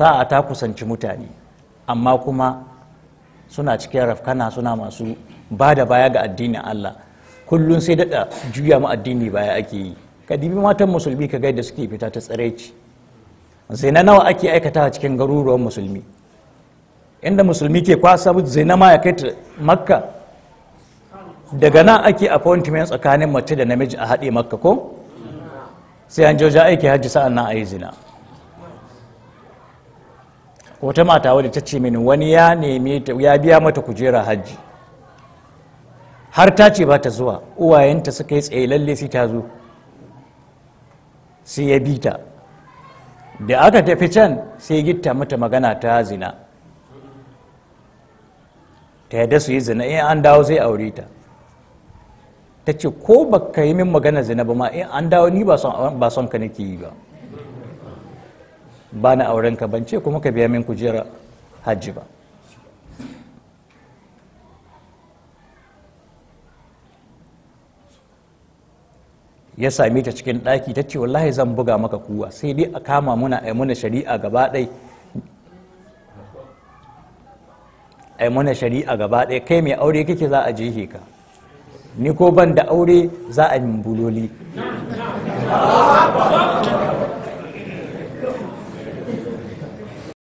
sa'a ta kusanci mutane amma kuma suna cikin rafkana suna masu ba da baya ga addinin Allah kullum sai daɗa juya mu addini baya ake yi ka dibi matan musulmi ka gaida suke fita ta tsiraici zina nawa ake aikata a cikin garuruwan musulmi inda musulmi ke kwasa zina ma ya kai ta makka daga nan ake appointment tsakanin mace da namiji a haɗe makka ko sai an joja aiki hajji sa'an nan a yi zina wata mata wadda ta ce min wani ya nemi ya biya mata kujera hajji har ta ce ba ta zuwa uwayenta suka yi tsaye lalle sai ta zo sai ya bi ta da aka tafi can sai gitta mata magana ta zina ta yadda su yi zina in an dawo zai aure ta ta ce ko baka yi min magana zina ba ma in an dawo ni ba son ka nake yi ba ba na auren ka bance ce kuma ka biya min kujera hajji ba ya same ta cikin ɗaki ta ce wallahi zan buga maka kuwa sai dai a kama muna a muna shari'a gaba ɗai a mana shari'a gaba ɗaya kai mai aure kake za a jihe ka ni ko ban da aure za a yi buloli